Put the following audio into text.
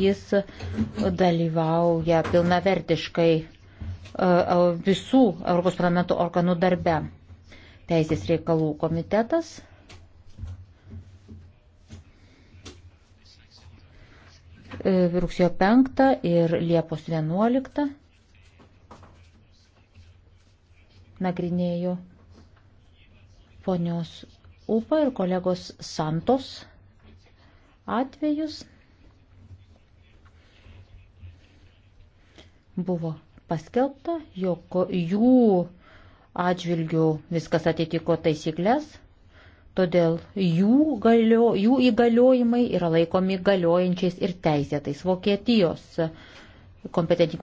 jis dalyvauja pilnavertiškai e, e, visų Europos parlamento organų darbe. Teisės reikalų komitetas. E, rugsėjo 5 ir Liepos 11 nagrinėjo ponios Upa ir kolegos Santos atvejus. Buvo paskelbta, jog jų atžvilgių viskas atitiko taisyklės, todėl jų, galio, jų įgaliojimai yra laikomi galiojančiais ir teisėtais Vokietijos kompetentingi.